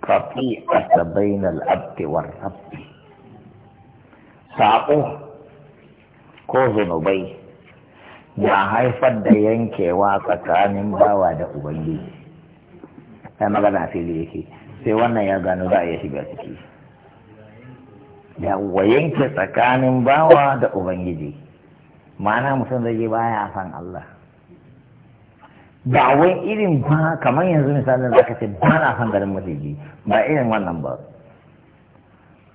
a bainal abdi war rabbi Sa'o ko zunubai ya haifar da yankewa tsakanin bawa da ubangiji sai magana fili yake sai wannan ya gano za a iya shiga ciki yawwa yanke tsakanin bawa da ubangiji ma'ana mutum zai baya san Allah ba wai irin ba kamar yanzu misalin za ka ce ba na son garin maciji ba irin wannan ba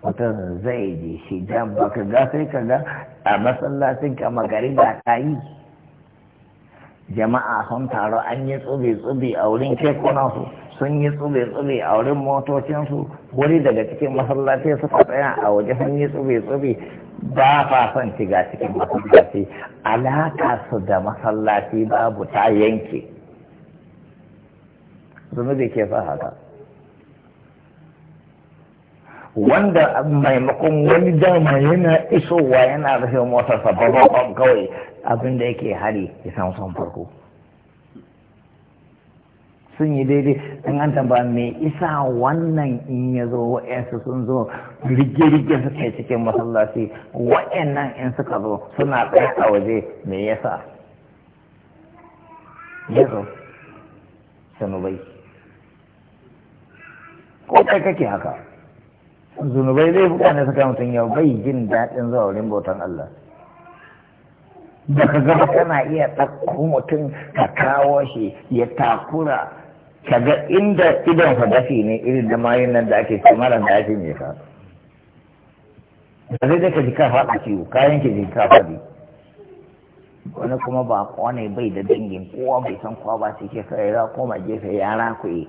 wata zai je shi jan ba ka ga sai ka ga a masallacin ka magari ta yi. jama'a sun taro an yi tsube-tsube a wurin su sun yi tsube-tsube a wurin motocinsu wuri daga cikin masallaci suka tsaya a waje sun yi tsube-tsube ba fa son shiga cikin masallaci alaka su da masallaci babu ta yanke zunubi ke sa haka wanda maimakon wani dama yana isowa yana rufe motarsa ba kawai abin yake hari ya samu son farko sun yi daidai in an tamba me isa wannan in ya zo wa'yansu sun zo rigirgi rige suke cikin masallaci wa'yannan in suka zo suna tsaye a waje me yasa ya zo sanubai ko kai kake haka zunubai zai buka ne saka mutum yau bai jin daɗin zuwa wurin bautan Allah baka gaba kana iya ɗauko mutum ka kawo shi ya takura kaga inda idon dafi ne irin da mayun nan da ake kamaran da ake mai fa da zai ka ji ka faɗa ciwo kayan ki ji ka faɗi wani kuma ba ne bai da dangin kowa bai san kowa ba sai ke kai ra koma gefe ku yi.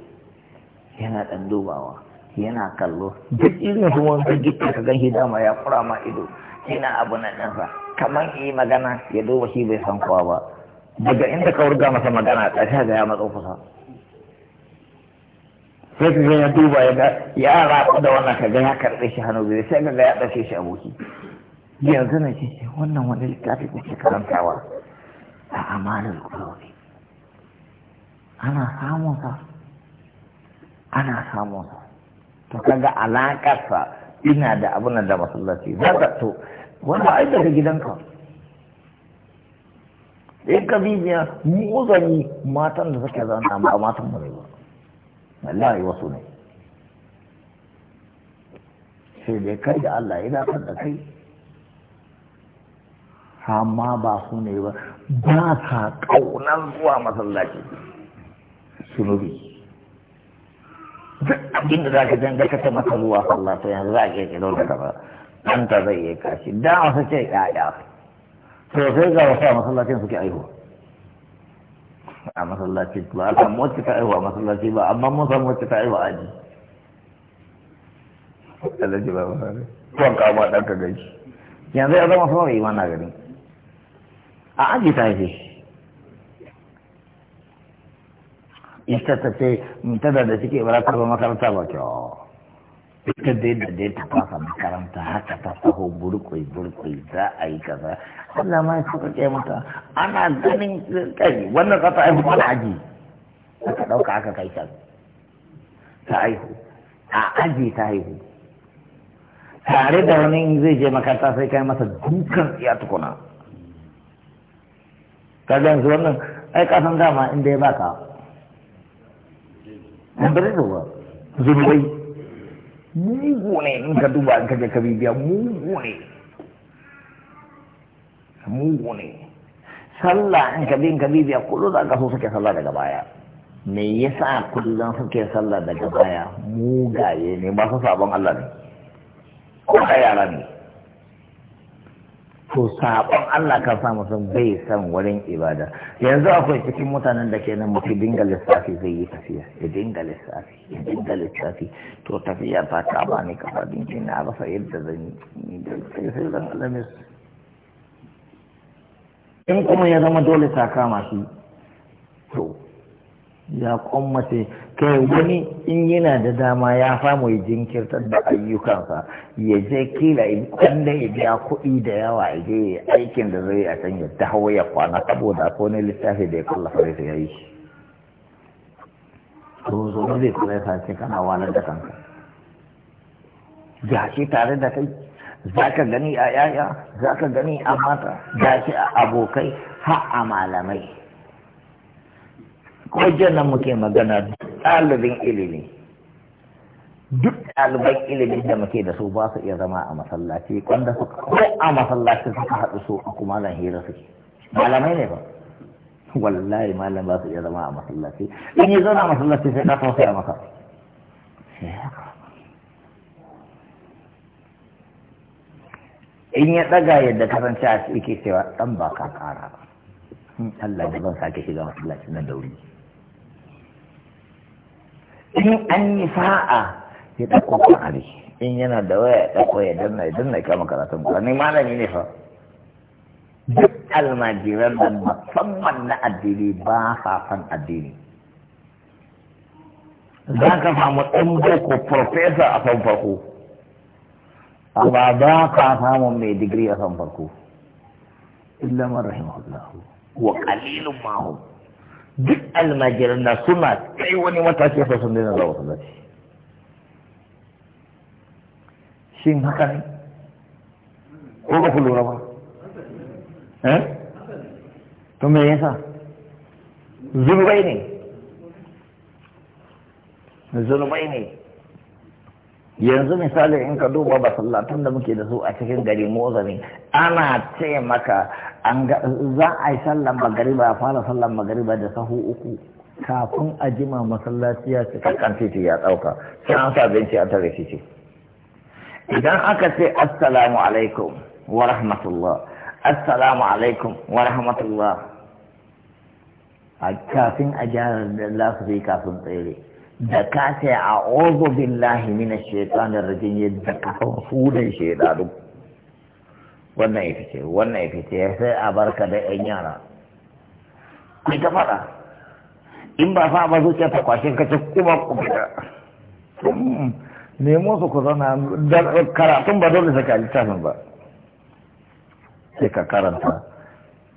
yana ɗan dubawa yana kallo duk irin su wani gita ka ganshi dama ya fura ma ido yana abu na ɗansa kamar yi magana ya duba shi bai san kowa ba daga inda ka wurga masa magana ƙarshe ga ya matso kusa sai ka ya duba ya ga ya rabu da wannan ka ga ya karɓe shi hannu biyu sai ka ga ya ɗauke shi aboki yanzu na ce eh, wannan wani littafi kuke karantawa a amalin kulobi ana samun sa ana samun to kaga sa ina da abun da masallaci za ka to wanda ai daga gidanka in ka bibiya mu zani matan da suke zana ba matan mu ne ba wallahi wasu ne sai dai kai da Allah ina dafa da kai amma ba su ne ba ba sa ƙaunar zuwa masallaci sunubi abinda za da zaka jan ka ta masa zuwa sallah to yanzu za a ke kilo da kaba dan ta zai yi kashi da wasu ce yaya to sai ga wasu a masallacin suke aihuwa a masallaci ba a samu wacce ta aihuwa masallaci ba amma mun samu ta aihuwa aji ji ba ba ne kuwan kama ɗan ka gaji yanzu ya zama sama bai mana gani a aji ta haife shi ita ta ce mm, tana da suke ba ta ba makaranta ba kyau ita dai da dai ta fasa makaranta haka ta taho burkwai burkwai za a yi kaza Allah ma ya suka ke mata ana ganin kai wannan kasa aiki mana aji aka ɗauka aka kai can ta aihu a aji ta aihu tare da wani zai je makaranta sai kai masa dukan ya tukuna ka yanzu wannan ai kasan dama inda ya baka na bari ruwa zunubai mugu ne in ka duba in ka je ka bibiya mugu ne mugu ne sallah in ka bi in ka bibiya kullum za ka so suke sallah daga baya me yasa kullum suke sallah daga baya mugaye ne masu sabon Allah ne ko yara ne to sabon Allah kan sa mutum bai san wurin ibada yanzu akwai cikin mutanen da ke nan mutu dinga lissafi zai yi tafiya ya dinga lissafi ya dinga lissafi to tafiya ba ta ba ne kafa dinki na rasa yadda zan yi in kuma ya zama dole ta kama shi to ya kwammace kai wani in yana da dama ya samu ya jinkirtar da ayyukansa ya je kila kwanda ya biya kuɗi da yawa ya je aikin da zai a can ya dawo ya kwana saboda ko ne littafi da ya kallafa da ya yi shi to zo zai kula ya sace kana wani da kanka shi tare da kai za ka gani a yaya za ka gani a mata gashi a abokai har a malamai ko nan muke magana ɗalibin ilimi duk ɗaliban ilimin da muke da su ba su iya zama a masallaci wanda su ko a masallaci suka haɗu su a kuma nan hira suke malamai ne ba wallahi malam ba su iya zama a masallaci in yi zauna a masallaci sai sai a maka in ya ɗaga yadda kasance a ciki cewa ɗan ba ka ƙara hmm, Allah da ban sake shiga masallacin nan da wuri in an yi sa'a ya ɗauko in yana da waya ya ɗauko ya danna ya danna ya kama karatun ƙwari malami ne fa duk almajiran da musamman na addini ba sa san addini za ka samu ɗan ko profesa a san farko amma ba ka samu mai digiri a san farko illa man wa qalilun mahum duk almajiran na suna kai wani matashi ya sun daina zuwa masallaci shi haka ne ko ba ku lura ba eh to me yasa zunubai ne zunubai ne yanzu misali in ka duba masallatun da muke da su a cikin gari mozami ana ce maka za a yi sallan magariba a fara sallan magariba da sahu uku kafin a jima masallaci ya cika kan titi ya ɗauka sai an sa benci a tare titi idan aka ce assalamu alaikum wa rahmatullah assalamu alaikum wa rahmatullah kafin a gyara da lafi kafin tsere da ka sai a ozo billahi mina shaitanin rajin yadda ka su da shaitanu wannan ya fice wannan ya fice ya sai a barka da yan yara kai ta faɗa in ba fa ba zuciya ta kwashe ka ce kuma ku fita hmm. nemo su ku zauna karatun ba dole su kalli tafin ba sai ka karanta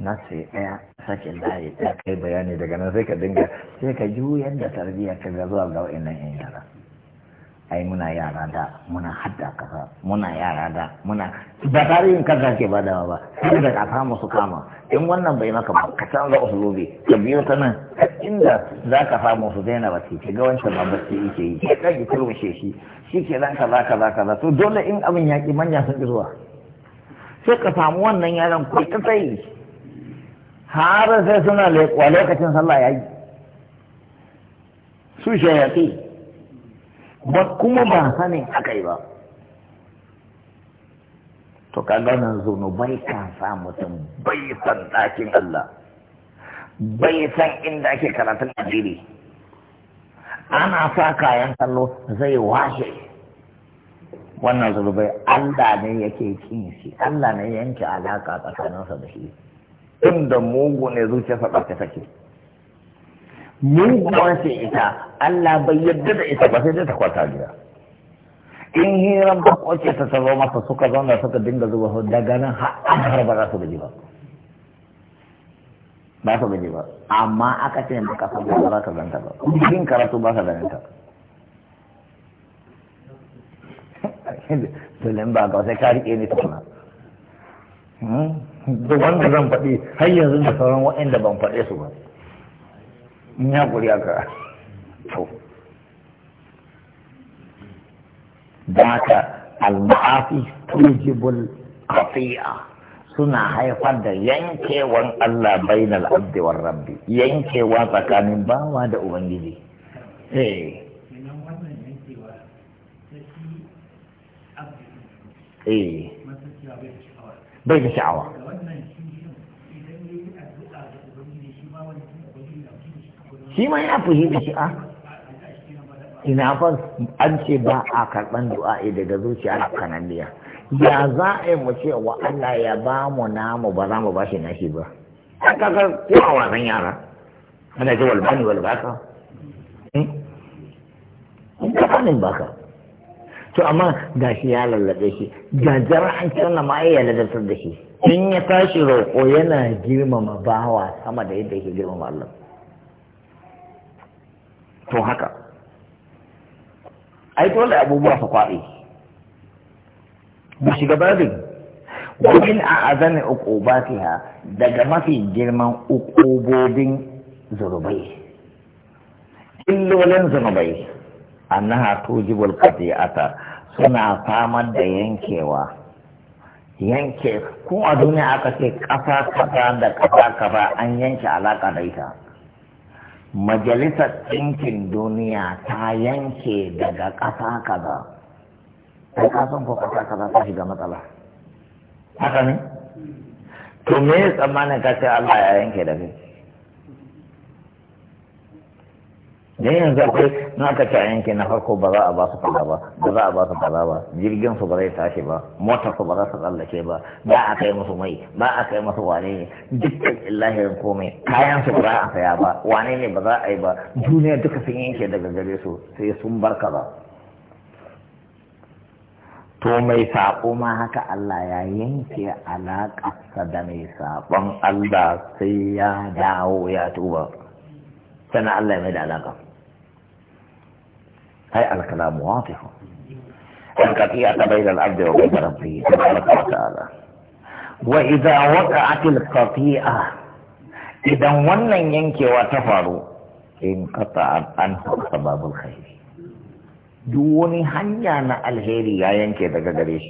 na sai ɗaya sake layi ta kai bayani daga nan sai ka dinga sai ka juyar da tarbiyyar ka ga zuwa ga nan yan yara ai muna yara da muna hadda kasa muna yara da muna ba tarihin kasa ke ba badawa ba sai da fama musu kama in wannan bai maka ba ka canza usulubi ka biyo ta nan inda za ka samu su daina bacci ke ga wancan ba bacci yake yi sai ɗage ki turmushe shi shi ke nan kaza kaza kaza to dole in abin yaƙi manya sun ki zuwa sai ka samu wannan yaran ko ta tsayi har sai suna leƙwa lokacin sallah ya yi su shayafi ba kuma ba sanin aka yi ba to ka gano zunubai ka sa mutum bai san ɗakin Allah bai san inda ake karatun jiri. ana sa kayan kallo zai washe wannan zunubai Allah ne yake kinsi shi Allah ne yanke alaka tsakaninsa da shi inda mugu ne zuciyarsa ɓace take muguwar ce ita Allah bai yarda da ita ba sai dai ta kwata gida in hiran ce ta zo masa suka zauna suka dinga zuba su daga nan har ba za su gaji ba ba su gaji ba amma aka ce maka saboda ba za ka zanta ba cikin karatu ba ka zanta Dole ba ga sai ka rike ni tukuna. Hmm? da wanda zan faɗi har yanzu da sauran waɗanda ban faɗe su ba in ya kuri aka to da ka al-ma'afi tujibul suna haifar da yankewan Allah bainal abdi rabbi yankewa tsakanin bawa da ubangiji eh eh bai da sha'awa shi ma ya fahimci shi a ah, ina fa an ce ba a karɓan du'a'i daga zuciya kananniya ya za a yi mu ce wa Allah ya ba mu namu ba za mu ba shi nashi ba an kakar kuma a wasan yara ana ce walbani walbaka hmm? in ka fanin baka to amma ga shi ya lallabe shi gajar an ce wannan ma ya ladabtar da shi in ya tashi roƙo yana girmama bawa sama da yadda yake girmama Allah to haka ai dole abubuwa su kwaɗe mu shiga babin wajen a ba uqubatiha daga mafi girman uqubobin zunubai illolin zunubai annaha tujibul qati'ata suna fama da yankewa yanke ko a duniya aka ce kafa kafa da kafa kafa an yanke alaƙa da ita majalisar ɗinkin duniya ta yanke daga ƙasa kaza ta kasan ko ƙasa kaza ta shiga matsala haka ne to me tsammanin ka ce Allah ya yanke da kai dan yanzu akwai na aka ci a yankin na farko ba za a ba su kaza ba ba za a ba su kaza ba jirgin su ba zai tashi ba motar su ba za su tsallake ba ba a kai musu mai ba a kai musu wane ne dukkan illahirin komai kayan su ba za a saya ba wane ne ba za a yi ba duniya duka sun yanke daga gare su sai sun bar kaza to mai saƙo ma haka Allah ya yanke alaƙarsa da mai saƙon Allah sai ya dawo ya tuba sannan Allah ya mai da alaƙa أي الكلام واضح القطيعة بين العبد وبين ربه تبارك وتعالى وإذا وقعت القطيعة إذا ولن ينكي وتفر انقطع عنه سبب الخير دون هنيا الخير يا ينكي دقدريش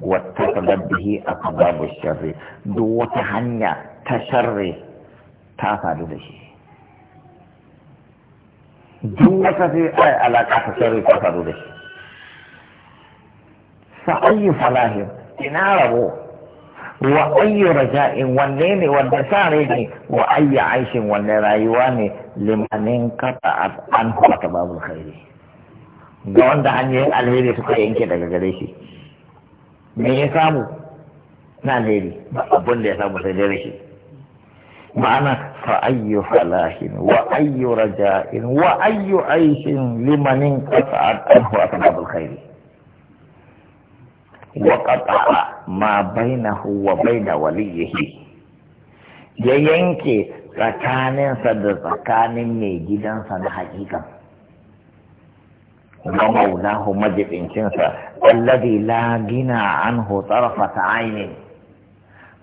واتقلب به أسباب الشر دو هنيا تشر تافر لشيء duk wata sai ai alaka ta sarri ta faru da shi fa ayyu falahin ina rabo wa ayyu raja'in wanne ne wanda sare ne wa ayyu aishin wanne rayuwa ne limanin qata'at an hukata babul khairi ga wanda hanyoyin alheri suka yanke daga gare shi me ya samu na alheri ba abin da ya samu sai dai shi. ma'ana fa ayyu falahin wa ayyu raja'in wa ayyu aishin limanin qata'at anhu asbab alkhair wa qata'a ma bainahu wa baina waliyhi ya yanke tsakanin sa da tsakanin mai gidansa na hakika wa maulahu majidin kinsa alladhi la gina anhu tarfata ainihi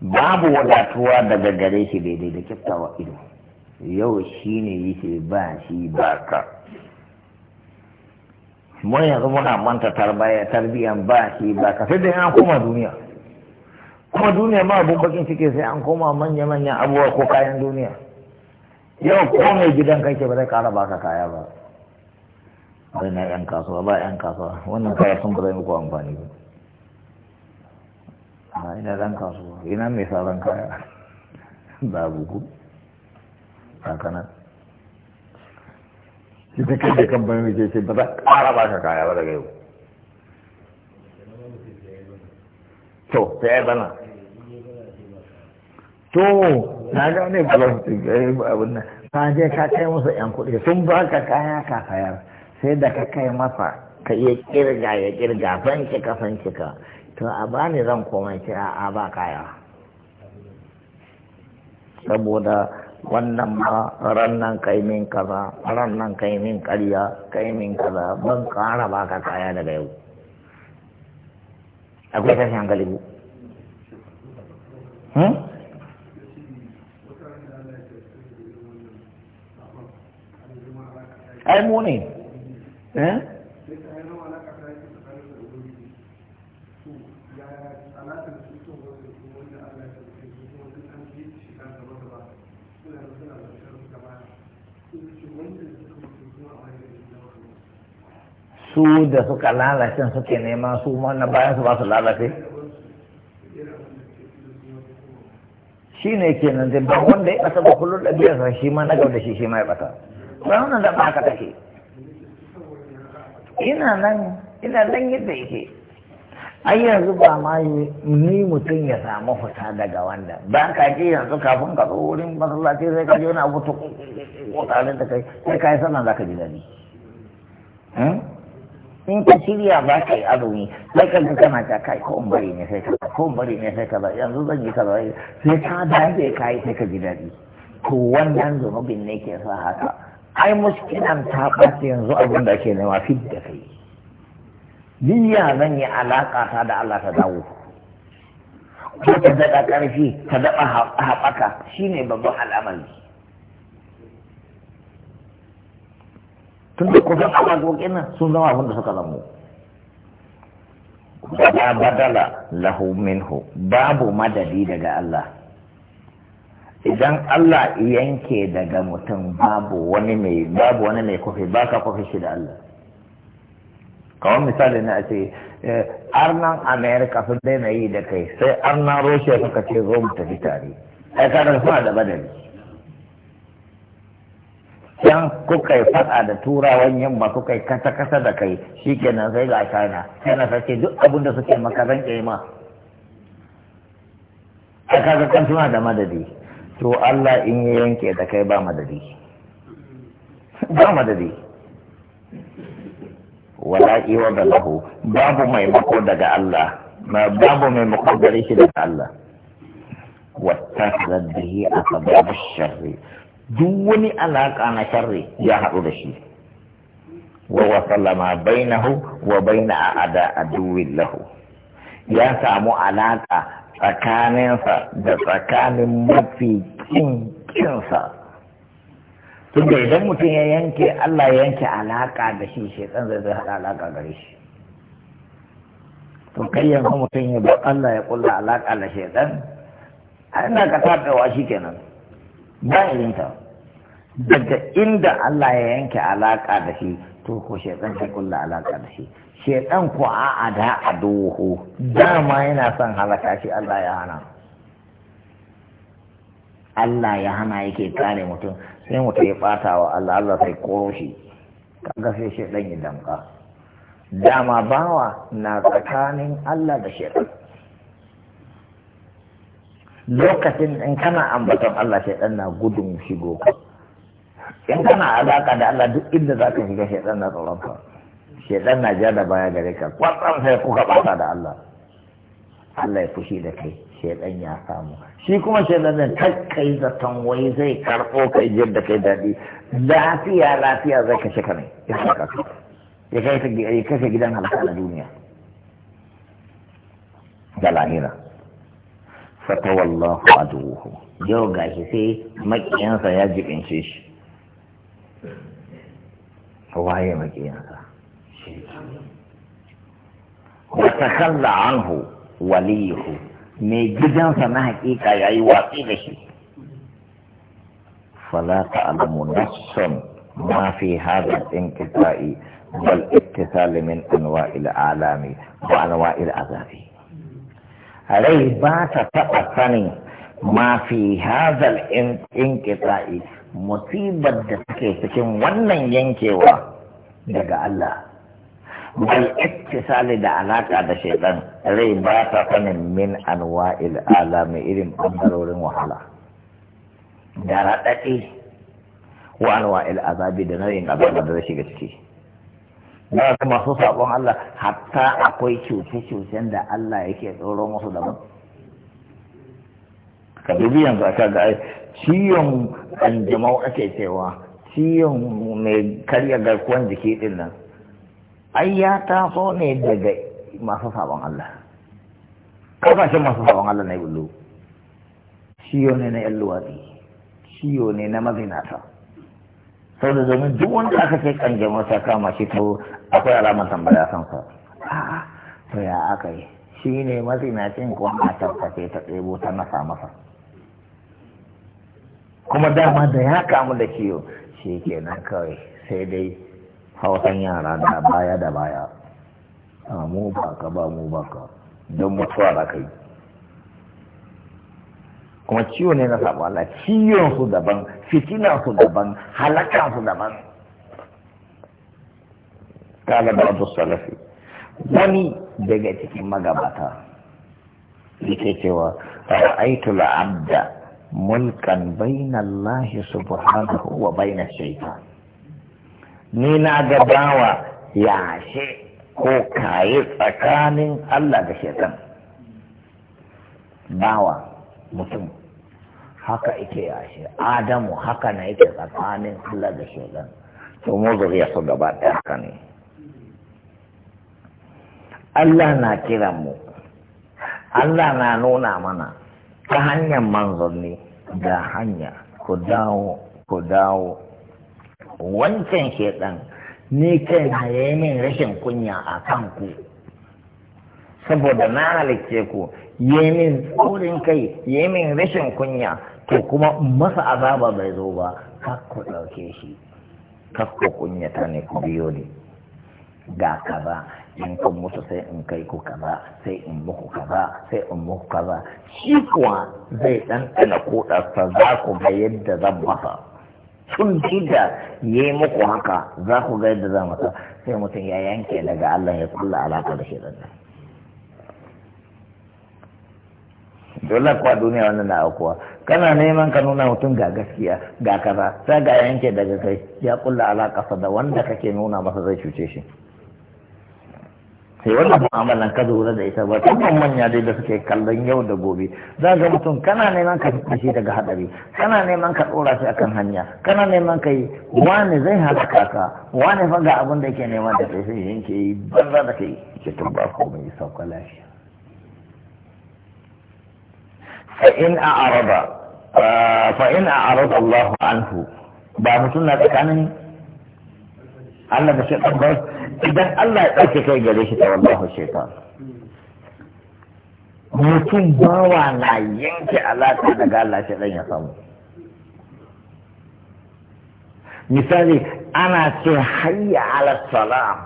babu wadatuwa daga gare shi daidai da kyakkyawa ido yau shi ne yake ba shi ba ka mun yanzu muna manta tarbiyan ba shi ba ka sai dai an koma duniya kuma duniya ma abun bakin ciki sai an koma manya-manyan abubuwa ko kayan duniya yau ko mai gidan kai ke ba zai kara baka kaya ba bai na yan kasuwa ba yan kasuwa wannan kaya sun ba zai muku amfani ba a ina zan kasuwa ina mai sabon kaya babu ku kakanan shi ta kai da kamfanin da ce ba za ƙara ba ka kaya ba daga yau to ta yi bana to na ga ne ba eh, abin nan ka je ka kai masa yan kuɗi sun ba ka kaya ka kaya, sai da ka kai masa ka iya kirga ya kirga fanci ka fanci ka to a bani zan komai ce a ba kaya saboda wannan ma rannan kaimin min kaza rannan kaimin kai min karya kai min kaza ban kara ka kaya daga yau akwai kashi an galibu hmm? ai mu ne eh su da suka lalace suke nema su na bayan su ba su lalace shi ne ke nan ba wanda ya ɓata ba kullum ɗabi'arsa shi ma na gaba da shi shi ma ya ɓata ba wannan da ba haka take ina nan ina nan yadda yake ai yanzu ba ma ni mutum ya samu fita daga wanda ba ka ji yanzu kafin ka zo wurin masallaci sai ka ji wani abu ta kokarin da kai sai ka yi sannan za ka ji daɗi hmm? in ka shirya ba ka yi azumi sai ka ji kana ta kai ko bari ne sai ka ko bari ne sai ka ba yanzu zan yi kaza sai ka dace ka yi sai ka ji daɗi ko wannan zunubin ne ke sa haka ai muskilan ta ɓace yanzu abin da ke nema fit da kai niyya zan yi alaƙa ta da Allah ta dawo ko ta daɗa ƙarfi ta daɗa haɓaka shi ne babban al'amari tun da kusan zoƙi nan sun zama abin da suka zamo ba badala lahu minhu babu madadi daga Allah idan Allah yanke daga mutum babu wani mai babu wani mai kofi baka kofi shi da Allah kawai misali na a ce eh, arnan amerika sun daina yi da kai sai arnan russia suka ce zo mu tafi tare ai kadan suna da badali can kuka yi fada da turawan yamma kuka yi kasa-kasa da kai shi kenan sai ga china china ta ce duk abin da suke makaran ma a kaga kan suna da madadi to allah in ya yanke da kai ba madadi ba madadi wala iwa da lahu babu mai mako daga Allah babu mai mako gare shi daga Allah wata bihi a sababu sharri duk wani alaƙa na sharri ya haɗu da shi wa wasallama bainahu wa baina a'ada aduwin lahu ya samu alaƙa tsakaninsa da tsakanin mafi kin tun da idan mutum ya yanke Allah ya yanke alaka da shi shaitan zai zai haɗa alaka gare shi to kai yanzu mutum ya ba, Allah ya kulla alaka da shaitan ana ka wa shi kenan ba ta. daga inda Allah ya yanke alaka da shi to ko shaitan ya kulla alaka da shi shaitan ko a'a da a doho dama yana son halaka shi Allah ya hana Allah ya hana yake kare mutum sai mutum ya ɓata wa Allah Allah sai koro shi kaga sai shi ɗan yi damka dama bawa na tsakanin Allah da shaitan lokacin in kana ambaton Allah shaitan na gudun shigo ka in kana alaka da Allah duk inda za ka shiga shaitan na tsoron ka shaitan na ja da baya gare ka kwatsam sai kuka ɓata da Allah Allah ya fushi da kai shedan ya samu shi kuma shedan ne takkai zaton wai zai karɓo kai yadda kai daɗi lafiya lafiya zai kashe ka ne ya saka ya kashe gidan halaka na duniya da lahira fatawallahu aduhu yau gashi sai makiyansa ya jibince shi waye makiyansa wa takalla anhu waliyuhu mai gidansa na hakika ya yi watsi da shi fala ta'lamu nafsun ma fi hada al kitai bal ittisal min anwa'il alami wa anwa'il azabi rai ba ta taɓa sanin ma fi hadha al kitai musibar da take cikin wannan yankewa daga Allah bal da alaka da shaitan rai ba ta sanin min ala mai irin bangarorin wahala da raɗaɗe wa anwa'il azabi da nau'in azaba da shiga ciki ba su masu sabon Allah hatta akwai cuce-cucen da Allah yake tsoron wasu daban ka dubi yanzu a ga ciwon kanjamau ake cewa ciwon mai karya garkuwan jiki din nan ai ya taso ne daga masu sabon Allah kasashen masu sabon Allah na bullo ciyo ne na yan ciyo ne na mazinata sau da domin duk wanda aka ce kanjamar ta kama shi to akwai alamar tambaya san sa to ya aka yi shi ne mazinacin ko a tattace ta tsebo ta nasa masa kuma dama da ya kamu da ciwo, shi kenan kawai sai dai hausan yara da baya da baya a mu ba ba mu ba don mutuwa za kai. kuma ciwo ne na sabo Allah ciwon su daban fitina su daban halakan su daban kala abu salafi wani daga cikin magabata yake cewa ra'aitu la'abda mulkan bainallahi subhanahu wa baina shaitan ni na ga bawa yashe ko kaye tsakanin Allah da shaitan bawa mutum haka ike yashe adamu haka na yake tsakanin Allah da shaitan to mu ya su gaba da haka ne Allah na kiran mu Allah na nuna mana ta hanyar manzanni da hanya ku dawo ku dawo wancan shaidan ni kai na yi min rashin kunya a kan ku saboda na halicce ku yi min tsorin kai yi min rashin kunya to kuma masa azaba bai zo ba kar ɗauke shi kar kunya kunyata ne ku biyo ne ga kaza in kun mutu sai in kai ku kaza sai in muku kaza sai in muku kaza shi kuwa zai ɗanɗana kuɗarsa za ku ga yadda zan masa Tun ji da ya yi muku haka za ku ga yadda za mata sai mutum ya yanke daga Allah ya kulla alaƙa da da nan dole kuwa duniya wannan na aukuwa kana neman ka nuna mutum ga gaskiya ga kaza sai ga yanke daga kai ya kulla alaƙa da wanda kake nuna masa zai cuce shi sai wannan mu'amalan ka zaune da ita ba dukkan manya dai da suke kallon yau da gobe za ga mutum kana neman ka fita shi daga hadari kana neman ka dora shi akan hanya kana neman ka yi wani zai halaka ka wani fa ga abin da yake nema da kai sai ke yi banza da kai ke tun ba ko mai sauka lafiya fa in araba fa in araba Allahu anhu ba mutum na tsakanin Allah da shi ba idan Allah ya ɗauke kai gare shi ta wallahu shaitan mutum bawa na yanke alaƙa daga Allah shi ɗan ya samu misali ana ce hayya ala salam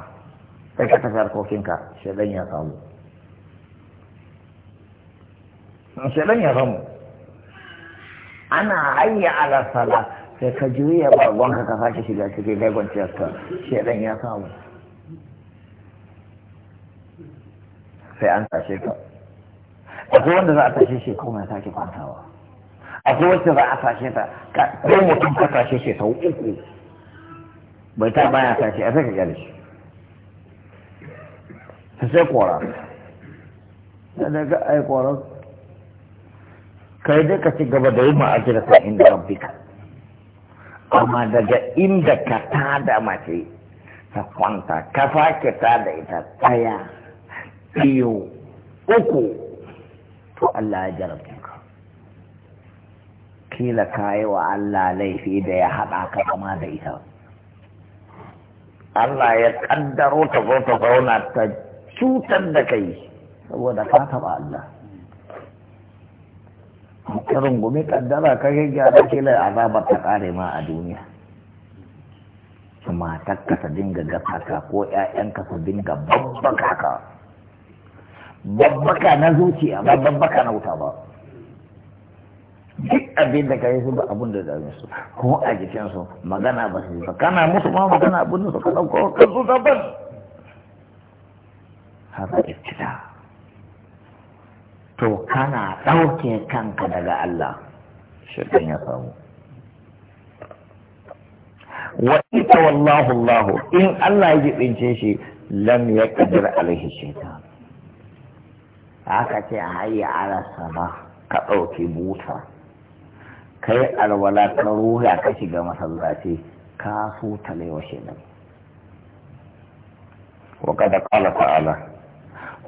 sai ka tafi harkokinka shi ɗan ya samu shi ɗan ya samu ana hayya ala salam sai ka juya babban ka ka sake shiga cikin kai kwanciyarka shi ɗan ya samu sai an tashe ka akwai wanda za a tashe shi kuma ya sake kwantawa akwai wacce za a tashe ta ka ɗan mutum ka tashe shi sau uku bai ta baya tashe a saka gyara shi ta sai kora ta daga ai kora kai dai ka ci gaba da yi ma'ajirata inda ka amma daga inda ka tada mace ta kwanta ka fake ta da ita tsaya biyu uku to Allah ya jarabta ka kila ka yi wa Allah laifi da ya haɗa ka kama da ita Allah ya kaddaro ta zo ta zauna ta cutar da kai saboda ka taɓa Allah karin gumi ƙaddara ka gyara kila azabar ta ƙare ma a duniya matarka su dinga gasa ka ko ƴaƴanka su dinga babbaka ka babbaka na zuciya ba babbaka na wuta ba duk abin da kai su ba abun da dame su ko a jikin su magana ba su ba kana musu ma magana abun da ka dauko ka su daban haka ita to kana dauke kanka daga Allah shirkin ya samu wa ita wallahu in Allah ya jibince shi lam ya kadir alaihi shaitan haka ce hayya ala sama ka ɗauki buta kai alwala ka ruha ka shiga masallaci ka so talewa shaitan wa kada qala ta'ala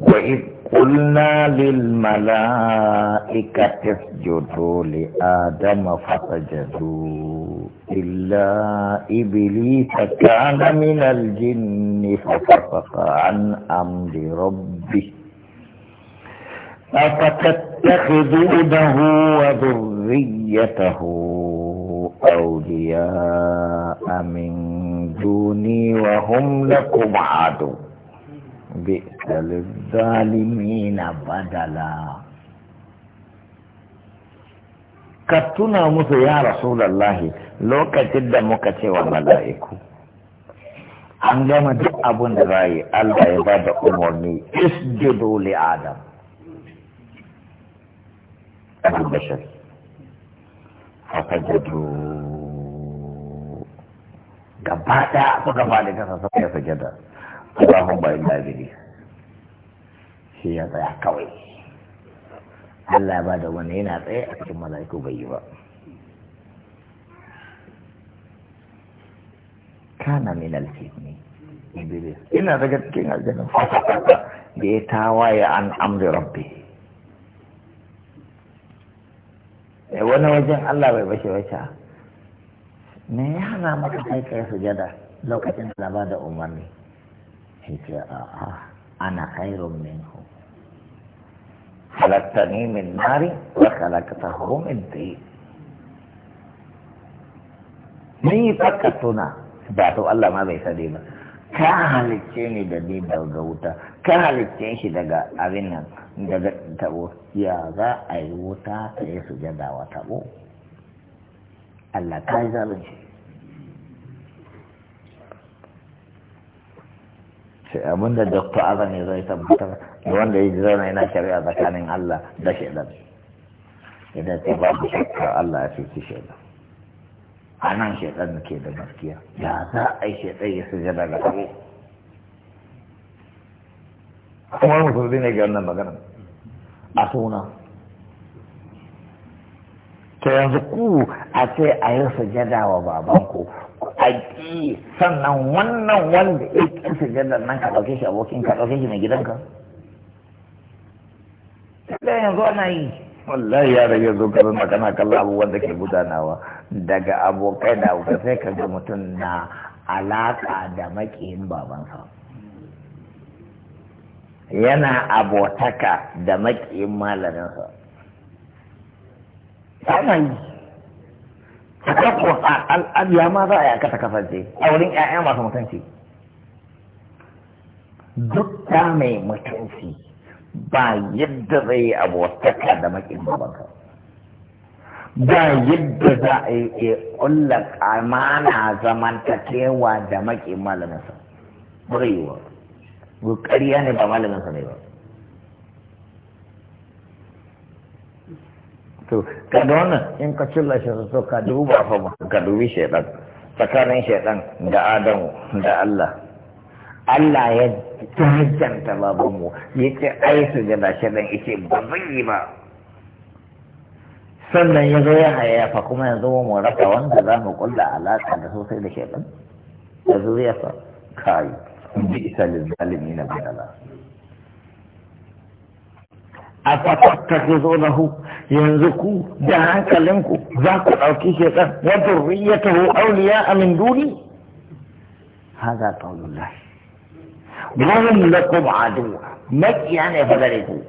وإذ قلنا للملائكة اسجدوا لآدم فسجدوا إلا إبليس كان من الجن ففسق عن أمر ربه أفتتخذونه وذريته أولياء من دوني وهم لكم عدو بئس na badala. ka tuna musu ya rasulallahi lokacin da muka ce wa mala'iku an gama duk abin da za yi Allah ya ba da umarni isjudu li adam abin bashar fasajadu gaba suka faɗi kasa suka اللهم إلا بلي هي ضيع قوي Allah ba da wani yana tsaye a cikin mala'iku bai yi ba. Kana min alfihuni, Iblis, ina daga cikin aljanin da ya tawaye an amri rabbi. Eh, wani wajen Allah bai bashe wacce, ne ya hana maka aikar sujada lokacin da ba da umarni. yace a'a ana khairun minhu khalaqtani min nari wa khalaqtahu min yi, ni fakatuna ba to Allah ma bai sade ba ka halicce ni da ni daga wuta ka halicce shi daga abin nan daga tabo ya za a yi wuta ta yi sujada wa tabo Allah ka yi zalunci sai abin da dokta azan ya zai tabbatar da wanda ya zauna yana shari'a tsakanin Allah da shaidan idan ta babu shakka Allah ya fi shaidan a nan shaidan ke da gaskiya ya za a yi shaidan ya da daga kare kuma musulmi ne ga wannan magana a suna ta yanzu ku a ce a yi sujada wa babanku haƙi sannan wannan wanda ya ƙarfi jannar nan ka ɗauke shi abokin ka ɗauke shi mai gidanka da yanzu ana yi wallahi ya rage zo ka zama kana kallon abubuwan da ke gudanawa daga abokai da abokai sai ka ga mutum na alaƙa da maƙiyin babansa yana abotaka da maƙiyin malaminsa ana yi ka a al'adiya ma za a yi ta kasance a wurin 'ya'ya masu mutunci duk ta mai mutunci ba yadda zai yi abu wata da makin babanka ba yadda za a yi ke ƙulla ƙamana zamantakewa da makin malaminsa burewa ƙarya ne ba malaminsa ne ba to kada wannan in ka cilla shi so ka duba fa ba ka dubi shaidan tsakanin shaidan da adamu da Allah Allah ya tajjanta babanmu ya ce ai su jada shaidan yace ba zan yi ba sannan ya zo ya hayayyafa kuma yanzu mu raka wanda za mu kulla alaƙa da sosai da shaidan da fa kai bi isa lil zalimin bi Allah a hu yanzu ku da hankalinku za ku ɗauki shaitan wa auliya a min duni wani qaulullah wa hum lakum adu makiya ne fa gare ku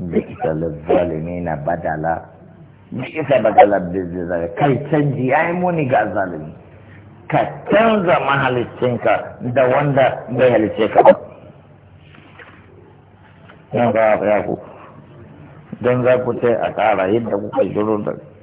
ne na badala bisa badala bizzalimi kai canji yi muni ga zalimi ka canza mahalicinka da wanda bai halice ka ba in ba ya ku don za ku ce a ƙara yadda kuka shiru da